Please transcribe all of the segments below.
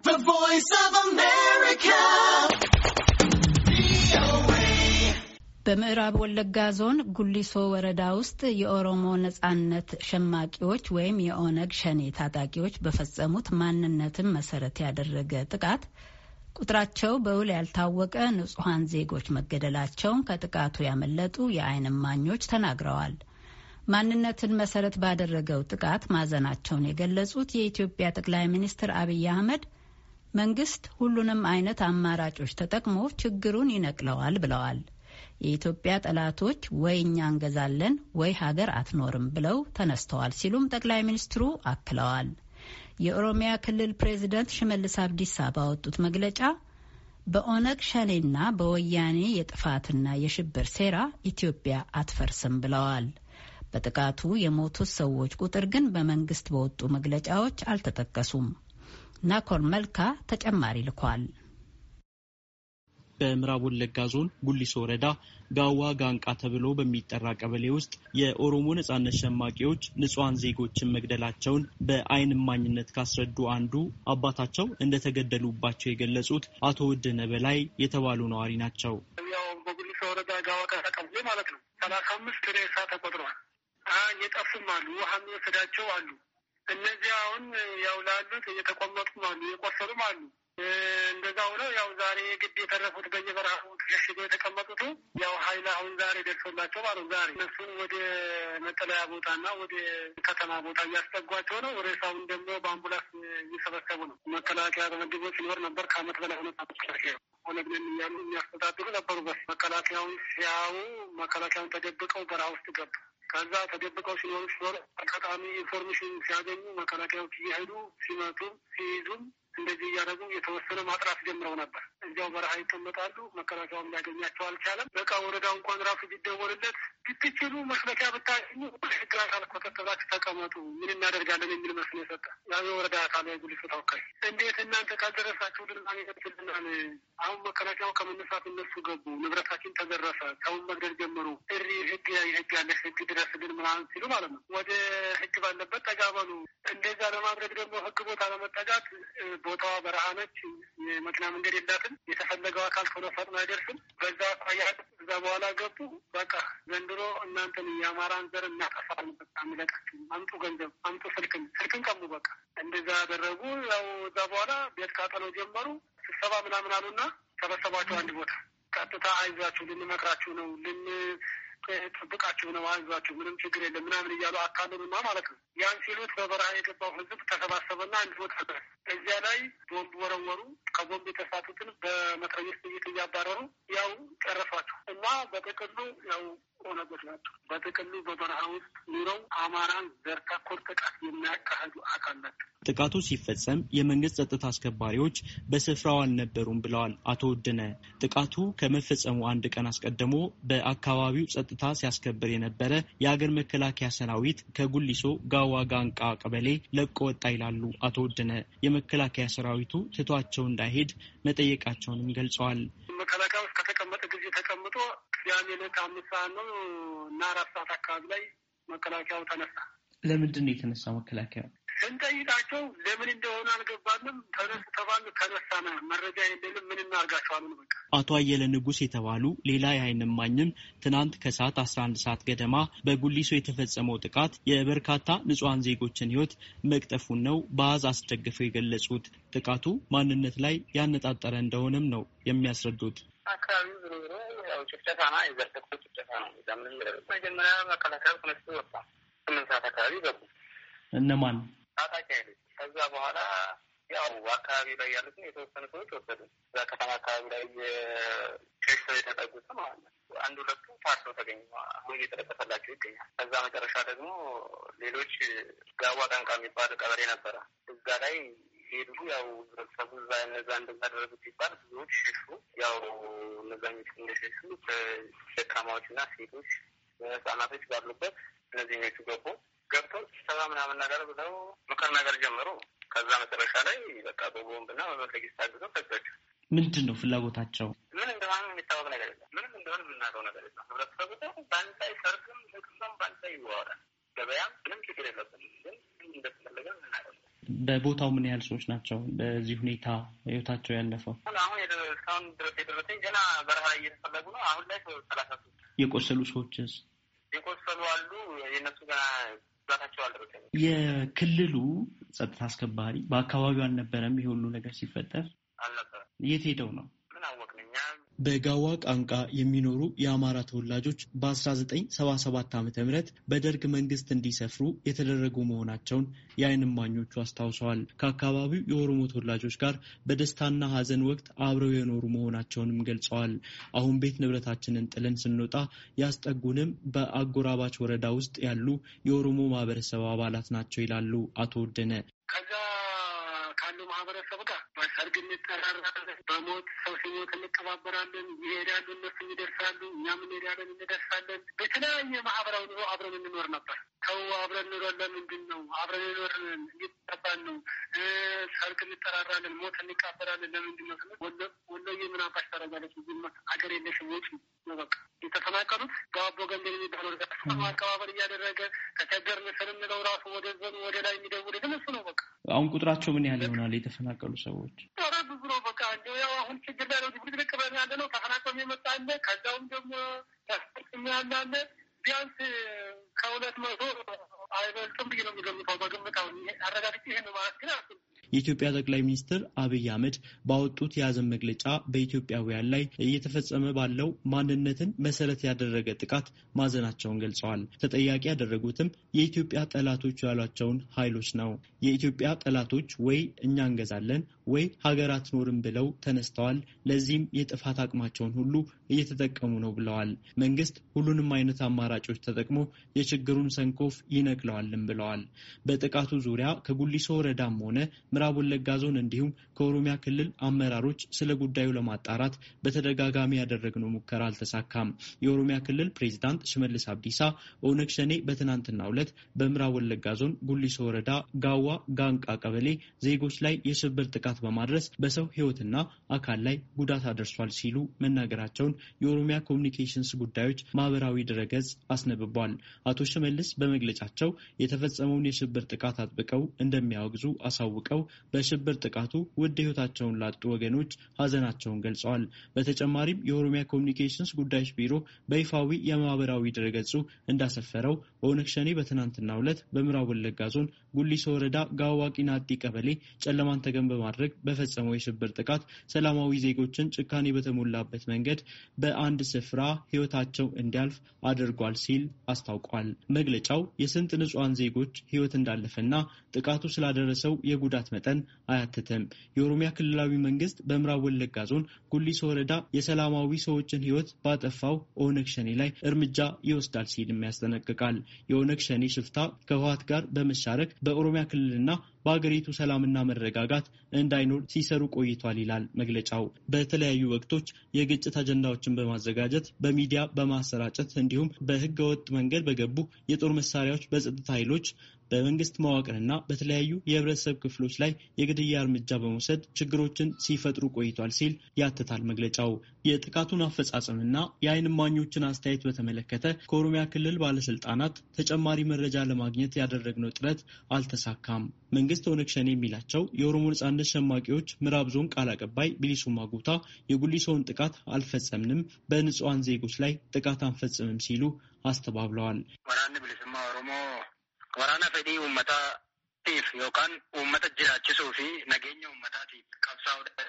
The Voice of America. በምዕራብ ወለጋ ዞን ጉሊሶ ወረዳ ውስጥ የኦሮሞ ነጻነት ሸማቂዎች ወይም የኦነግ ሸኔ ታጣቂዎች በፈጸሙት ማንነትን መሰረት ያደረገ ጥቃት ቁጥራቸው በውል ያልታወቀ ንጹሐን ዜጎች መገደላቸውን ከጥቃቱ ያመለጡ የዓይን እማኞች ተናግረዋል። ማንነትን መሰረት ባደረገው ጥቃት ማዘናቸውን የገለጹት የኢትዮጵያ ጠቅላይ ሚኒስትር አብይ አህመድ መንግስት ሁሉንም አይነት አማራጮች ተጠቅሞ ችግሩን ይነቅለዋል ብለዋል። የኢትዮጵያ ጠላቶች ወይ እኛ እንገዛለን ወይ ሀገር አትኖርም ብለው ተነስተዋል ሲሉም ጠቅላይ ሚኒስትሩ አክለዋል። የኦሮሚያ ክልል ፕሬዝደንት ሽመልስ አብዲሳ ባወጡት መግለጫ በኦነግ ሸኔና በወያኔ የጥፋትና የሽብር ሴራ ኢትዮጵያ አትፈርስም ብለዋል። በጥቃቱ የሞቱት ሰዎች ቁጥር ግን በመንግስት በወጡ መግለጫዎች አልተጠቀሱም። ናኮር መልካ ተጨማሪ ልኳል። በምዕራብ ወለጋ ዞን ጉሊሶ ወረዳ ጋዋ ጋንቃ ተብሎ በሚጠራ ቀበሌ ውስጥ የኦሮሞ ነጻነት ሸማቂዎች ንጹሐን ዜጎችን መግደላቸውን በአይን እማኝነት ካስረዱ አንዱ አባታቸው እንደተገደሉባቸው የገለጹት አቶ ውድነ በላይ የተባሉ ነዋሪ ናቸው። ያው በጉሊሶ ወረዳ ጋዋ ጋንቃ ቀበሌ ማለት ነው። ሰላሳ አምስት ሬሳ ተቆጥሯል። የጠፉም አሉ፣ ውሃ የሚወሰዳቸው አሉ እነዚህ አሁን ያው ላሉት እየተቆመጡም አሉ እየቆሰሉም አሉ። እንደዛ ሆነው ያው ዛሬ ግድ የተረፉት በየበረሃ ተሸሽገው የተቀመጡት ያው ሀይል አሁን ዛሬ ደርሶላቸው ማለ ዛሬ እነሱን ወደ መጠለያ ቦታና ወደ ከተማ ቦታ እያስጠጓቸው ነው። ሬሳውን ደግሞ በአምቡላንስ እየሰበሰቡ ነው። መከላከያ ተመድቦ ሲኖር ነበር ከአመት በላይ ሆነ ኦነግነን እያሉ የሚያስተዳድሩ ነበሩ። በስ መከላከያውን ሲያዩ መከላከያውን ተደብቀው በረሃ ውስጥ ገቡ። ከዛ ተደብቀው ሲኖሩ ሲኖር አጋጣሚ ኢንፎርሜሽን ሲያገኙ መከላከያዎች እየሄዱ ሲመቱም ሲይዙም እንደዚህ እያደረጉ የተወሰነ ማጥራት ጀምረው ነበር። እዚያው በረሃ ይቀመጣሉ። መከላከያውም ሊያገኛቸው አልቻለም። በቃ ወረዳ እንኳን ራሱ ቢደወልለት ብትችሉ መስለኪያ ብታገኙ ህግ አካል ኮተተባችሁ ተቀመጡ፣ ምን እናደርጋለን የሚል መስሎ የሰጠ ያው የወረዳ አካል ጉልፍ ተወካይ እንዴት እናንተ ካልደረሳችሁ ልናገኛችልናል። አሁን መከላከያው ከመነሳት እነሱ ገቡ፣ ንብረታችን ተዘረፈ፣ ሰውን መግደል ጀመሩ። እሪ ህግ ህግ ያለሽ ህግ ድረስልን ምናምን ሲሉ ማለት ነው። ወደ ህግ ባለበት ተጋበሉ። እንደዛ ለማድረግ ደግሞ ህግ ቦታ ለመጠጋት ቦታዋ በረሃ ነች። የመኪና መንገድ የላትም። የተፈለገው አካል ቶሎ ፈጥኖ አይደርስም። በዛ አኳያ እዛ በኋላ ገቡ። በቃ ዘንድሮ እናንተን የአማራን ዘር እናጠፋለን፣ በቃ አንለቃችሁም፣ አምጡ ገንዘብ፣ አምጡ ስልክን ስልክን ቀሙ። በቃ እንደዛ ያደረጉ። ያው እዛ በኋላ ቤት ቃጠሎ ጀመሩ። ስብሰባ ምናምን አሉና ሰበሰባቸው አንድ ቦታ። ቀጥታ አይዟችሁ ልንመክራችሁ ነው ልን ጥብቃቸው ነው አይዟችሁ፣ ምንም ችግር የለም ምናምን እያሉ አካልንና ማለት ነው። ያን ሲሉት በበረሃ የገባው ህዝብ ተሰባሰበና አንድ ቦታ እዚያ ላይ ቦምብ ወረወሩ። ከቦምብ የተሳቱትን በመትረየስ ጥይት እያባረሩ ያው ጨረሷቸው እና በጥቅሉ ያው ነገር ናቸው። በጥቅሉ በበረሃ ውስጥ ኑረው አማራን ዘር ተኮር ጥቃት የሚያካሂዱ አካል ናቸው። ጥቃቱ ሲፈጸም የመንግስት ጸጥታ አስከባሪዎች በስፍራው አልነበሩም ብለዋል አቶ ውድነ። ጥቃቱ ከመፈጸሙ አንድ ቀን አስቀድሞ በአካባቢው ጸጥታ ሲያስከብር የነበረ የአገር መከላከያ ሰራዊት ከጉሊሶ ጋዋ ጋንቃ ቀበሌ ለቆ ወጣ ይላሉ አቶ ውድነ። የመከላከያ ሰራዊቱ ትቷቸው እንዳይሄድ መጠየቃቸውንም ገልጸዋል። ቅዳሜ ዕለት አምስት ሰዓት ነው እና አራት ሰዓት አካባቢ ላይ መከላከያው ተነሳ። ለምንድን ነው የተነሳ መከላከያው? ስንጠይቃቸው ለምን እንደሆነ አልገባንም። ተነስ ተነሳ መረጃ የለንም ምን እናርጋቸው አሉን። በቃ አቶ አየለ ንጉስ የተባሉ ሌላ የዓይን እማኝም ትናንት ከሰዓት አስራ አንድ ሰዓት ገደማ በጉሊሶ የተፈጸመው ጥቃት የበርካታ ንጹሐን ዜጎችን ህይወት መቅጠፉን ነው በአዝ አስደግፈው የገለጹት። ጥቃቱ ማንነት ላይ ያነጣጠረ እንደሆነም ነው የሚያስረዱት። አካባቢው ዝሮ ዝሮ ያው ጭፍጨፋ ና የዘር ተኩስ ጭፍጨፋ ነው። ምንም መጀመሪያ መከላከያ ተነስቶ ወጣ። ስምንት ሰዓት አካባቢ ገቡ እነማን ታጣቂ ኃይሎች። ከዛ በኋላ ያው አካባቢ ላይ ያሉትን የተወሰኑ ሰዎች ወሰዱ። እዛ ከተማ አካባቢ ላይ ኬክ የተጠጉት ማለት ነው። አንድ ሁለቱ ታርሰው ተገኙ። አሁን እየተለቀሰላቸው ይገኛል። ከዛ መጨረሻ ደግሞ ሌሎች ጋዋ ጠንቃ የሚባል ቀበሌ ነበረ። እዛ ላይ ሄዱ። ያው ህብረተሰቡ እዛ እነዛ እንደሚያደረጉት ሲባል ብዙዎች ሽሹ። ያው አብዛኞቹ ኢንግሊሾች ሁሉ ደካማዎች እና ሴቶች፣ ህጻናቶች ባሉበት እነዚህኞቹ ገቡ። ገብተው ስብሰባ ምናምን ነገር ብለው ምክር ነገር ጀምሮ ከዛ መጨረሻ ላይ በቃ በቦምብ እና በመፈጊስ ታግዘው ፈጃቸው። ምንድን ነው ፍላጎታቸው? ምን እንደሆነ የሚታወቅ ነገር የለም። ምንም እንደሆነ የምናውቀው ነገር የለም። ህብረተሰቡ ደግሞ በአንድ ላይ ሰርግም፣ ልቅሶም በአንድ ላይ ይዋዋላል። ገበያም ምንም ችግር የለብን። ግን እንደተፈለገ ምናቀ በቦታው ምን ያህል ሰዎች ናቸው በዚህ ሁኔታ ህይወታቸው ያለፈው አሁን የቆሰሉ ሰዎችስ? የቆሰሉ አሉ። የእነሱ ገና ጉዳታቸው አልደረሰም። የክልሉ ጸጥታ አስከባሪ በአካባቢው አልነበረም። ይሄ ሁሉ ነገር ሲፈጠር አልነበረም። የት ሄደው ነው? በጋዋ ቃንቃ የሚኖሩ የአማራ ተወላጆች በ1977 ዓ ም በደርግ መንግስት እንዲሰፍሩ የተደረጉ መሆናቸውን የአይንማኞቹ እማኞቹ አስታውሰዋል። ከአካባቢው የኦሮሞ ተወላጆች ጋር በደስታና ሀዘን ወቅት አብረው የኖሩ መሆናቸውንም ገልጸዋል። አሁን ቤት ንብረታችንን ጥለን ስንወጣ ያስጠጉንም በአጎራባች ወረዳ ውስጥ ያሉ የኦሮሞ ማህበረሰብ አባላት ናቸው ይላሉ አቶ ወደነ ከዛ ካሉ ማህበረሰብ ጋር በሰርግ እንጠራራለን፣ በሞት ሰው ሲሞት እንቀባበራለን። ይሄዳሉ፣ እነሱ ይደርሳሉ፣ እኛም እንሄዳለን፣ እንደርሳለን። በተለያየ ማህበራዊ ኑሮ አብረን እንኖር ነበር። ሰው አብረን ኑሮ ለምንድን ነው አብረን ኑሮ እንዲጠባን ነው? ሰርግ እንጠራራለን፣ ሞት እንቀበራለን። ለምንድን ነው ወሎዬ ምን አባሽ ታደርጋለች? አገር የለሽ ውጪ ነው በቃ የተፈናቀሉት በአቦ ገንደ የሚባለው አቀባበል እያደረገ ተቸገር ምስር የምለው ራሱ ወደ ዘኑ ወደ ላይ የሚደውል የተነሱ ነው በቃ አሁን ቁጥራቸው ምን ያህል ይሆናል የተፈናቀሉ ሰዎች? ኧረ ብዙ ነው። በቃ ያው አሁን ችግር ላይ ነው። ጅቡቲ ልቅ ብለን ያለ ነው። ተፈናቀም የመጣ አለ። ከዛውም ደግሞ ያለ ቢያንስ ከሁለት መቶ አይበልጥም ብዬ ነው የሚገምተው። በግምት አረጋግጬ ይህን ማለት ግን አ የኢትዮጵያ ጠቅላይ ሚኒስትር አብይ አህመድ ባወጡት የያዘን መግለጫ በኢትዮጵያውያን ላይ እየተፈጸመ ባለው ማንነትን መሰረት ያደረገ ጥቃት ማዘናቸውን ገልጸዋል። ተጠያቂ ያደረጉትም የኢትዮጵያ ጠላቶች ያሏቸውን ኃይሎች ነው። የኢትዮጵያ ጠላቶች ወይ እኛ እንገዛለን ወይ ሀገር አትኖርም ብለው ተነስተዋል። ለዚህም የጥፋት አቅማቸውን ሁሉ እየተጠቀሙ ነው ብለዋል። መንግስት ሁሉንም አይነት አማራጮች ተጠቅሞ የችግሩን ሰንኮፍ ይነ ተነቅለዋልም ብለዋል። በጥቃቱ ዙሪያ ከጉሊሶ ወረዳም ሆነ ምዕራብ ወለጋ ዞን እንዲሁም ከኦሮሚያ ክልል አመራሮች ስለ ጉዳዩ ለማጣራት በተደጋጋሚ ያደረግነው ሙከራ አልተሳካም። የኦሮሚያ ክልል ፕሬዚዳንት ሽመልስ አብዲሳ ኦነግ ሸኔ በትናንትናው ዕለት በምዕራብ ወለጋ ዞን ጉሊሶ ወረዳ ጋዋ ጋንቃ ቀበሌ ዜጎች ላይ የሽብር ጥቃት በማድረስ በሰው ሕይወትና አካል ላይ ጉዳት አደርሷል ሲሉ መናገራቸውን የኦሮሚያ ኮሚኒኬሽንስ ጉዳዮች ማህበራዊ ድረገጽ አስነብቧል። አቶ ሽመልስ በመግለጫቸው በበኩላቸው የተፈጸመውን የሽብር ጥቃት አጥብቀው እንደሚያወግዙ አሳውቀው በሽብር ጥቃቱ ውድ ሕይወታቸውን ላጡ ወገኖች ሀዘናቸውን ገልጸዋል። በተጨማሪም የኦሮሚያ ኮሚኒኬሽንስ ጉዳዮች ቢሮ በይፋዊ የማህበራዊ ድረገጹ እንዳሰፈረው በኦነግ ሸኔ በትናንትናው ዕለት በምዕራብ ወለጋ ዞን ጉሊሶ ወረዳ ጋዋ ቂናጢ ቀበሌ ጨለማን ተገን በማድረግ በፈጸመው የሽብር ጥቃት ሰላማዊ ዜጎችን ጭካኔ በተሞላበት መንገድ በአንድ ስፍራ ህይወታቸው እንዲያልፍ አድርጓል ሲል አስታውቋል። መግለጫው የስንት ንጹሐን ዜጎች ህይወት እንዳለፈና ጥቃቱ ስላደረሰው የጉዳት መጠን አያትትም። የኦሮሚያ ክልላዊ መንግስት በምዕራብ ወለጋ ዞን ጉሊሶ ወረዳ የሰላማዊ ሰዎችን ህይወት ባጠፋው ኦነግ ሸኔ ላይ እርምጃ ይወስዳል ሲልም ያስጠነቅቃል። የኦነግ ሸኔ ሽፍታ ከህወሓት ጋር በመሻረክ በኦሮሚያ ክልልና በሀገሪቱ ሰላምና መረጋጋት እንዳይኖር ሲሰሩ ቆይቷል ይላል መግለጫው። በተለያዩ ወቅቶች የግጭት አጀንዳዎችን በማዘጋጀት በሚዲያ በማሰራጨት እንዲሁም በህገወጥ መንገድ በገቡ የጦር መሳሪያዎች በጸጥታ ኃይሎች በመንግስት መዋቅርና በተለያዩ የህብረተሰብ ክፍሎች ላይ የግድያ እርምጃ በመውሰድ ችግሮችን ሲፈጥሩ ቆይቷል ሲል ያትታል መግለጫው። የጥቃቱን አፈጻጸምና የአይን እማኞችን አስተያየት በተመለከተ ከኦሮሚያ ክልል ባለስልጣናት ተጨማሪ መረጃ ለማግኘት ያደረግነው ጥረት አልተሳካም። መንግስት ኦነግ ሸኔ የሚላቸው የኦሮሞ ነጻነት ሸማቂዎች ምዕራብ ዞን ቃል አቀባይ ቢሊሱማ ጉታ የጉሊሶውን ጥቃት አልፈጸምንም፣ በንጹሐን ዜጎች ላይ ጥቃት አንፈጽምም ሲሉ አስተባብለዋል። waraana fedhii uummataatiif yookaan uummata jiraachisuu fi nageenya uummataatiif qabsaa'uudha.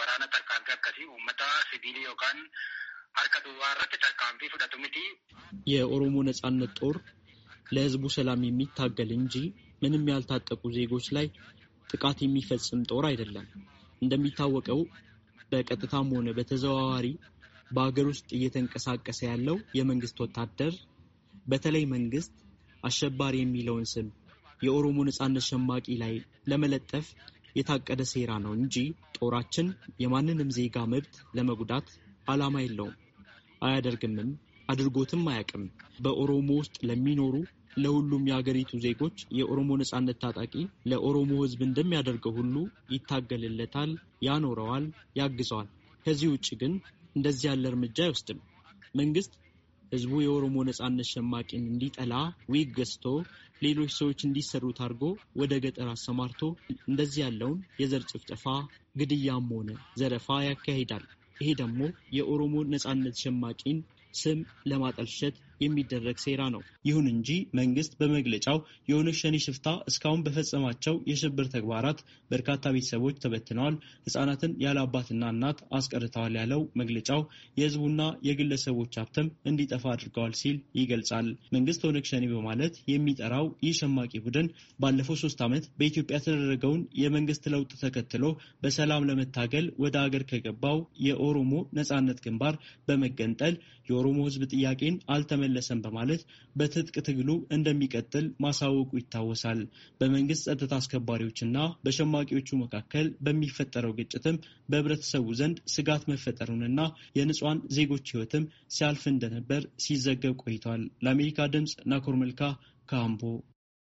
Waraana tarkaanfii akkasii uummata sibiilii yookaan harka duwwaa irratti tarkaanfii fudhatu miti. የኦሮሞ ነጻነት ጦር ለህዝቡ ሰላም የሚታገል እንጂ ምንም ያልታጠቁ ዜጎች ላይ ጥቃት የሚፈጽም ጦር አይደለም። እንደሚታወቀው በቀጥታም ሆነ በተዘዋዋሪ በአገር ውስጥ እየተንቀሳቀሰ ያለው የመንግስት ወታደር በተለይ መንግስት አሸባሪ የሚለውን ስም የኦሮሞ ነጻነት ሸማቂ ላይ ለመለጠፍ የታቀደ ሴራ ነው እንጂ ጦራችን የማንንም ዜጋ መብት ለመጉዳት ዓላማ የለውም፣ አያደርግምም፣ አድርጎትም አያውቅም። በኦሮሞ ውስጥ ለሚኖሩ ለሁሉም የአገሪቱ ዜጎች የኦሮሞ ነጻነት ታጣቂ ለኦሮሞ ሕዝብ እንደሚያደርገው ሁሉ ይታገልለታል፣ ያኖረዋል፣ ያግዘዋል። ከዚህ ውጭ ግን እንደዚህ ያለ እርምጃ አይወስድም መንግስት ህዝቡ የኦሮሞ ነጻነት ሸማቂን እንዲጠላ ዊግ ገዝቶ ሌሎች ሰዎች እንዲሰሩት አድርጎ ወደ ገጠር አሰማርቶ እንደዚህ ያለውን የዘር ጭፍጨፋ ግድያም ሆነ ዘረፋ ያካሂዳል። ይሄ ደግሞ የኦሮሞ ነጻነት ሸማቂን ስም ለማጠልሸት የሚደረግ ሴራ ነው። ይሁን እንጂ መንግስት በመግለጫው የኦነግ ሸኔ ሽፍታ እስካሁን በፈጸማቸው የሽብር ተግባራት በርካታ ቤተሰቦች ተበትነዋል፣ ህጻናትን ያለ አባትና እናት አስቀርተዋል ያለው መግለጫው የህዝቡና የግለሰቦች ሀብትም እንዲጠፋ አድርገዋል ሲል ይገልጻል። መንግስት ኦነግ ሸኔ በማለት የሚጠራው ይህ ሸማቂ ቡድን ባለፈው ሶስት ዓመት በኢትዮጵያ የተደረገውን የመንግስት ለውጥ ተከትሎ በሰላም ለመታገል ወደ አገር ከገባው የኦሮሞ ነጻነት ግንባር በመገንጠል የኦሮሞ ህዝብ ጥያቄን አልተመ አልመለሰም በማለት በትጥቅ ትግሉ እንደሚቀጥል ማሳወቁ ይታወሳል። በመንግስት ጸጥታ አስከባሪዎችና በሸማቂዎቹ መካከል በሚፈጠረው ግጭትም በህብረተሰቡ ዘንድ ስጋት መፈጠሩንና የንጹሐን ዜጎች ህይወትም ሲያልፍ እንደነበር ሲዘገብ ቆይቷል። ለአሜሪካ ድምፅ ናኮር መልካ ካምቦ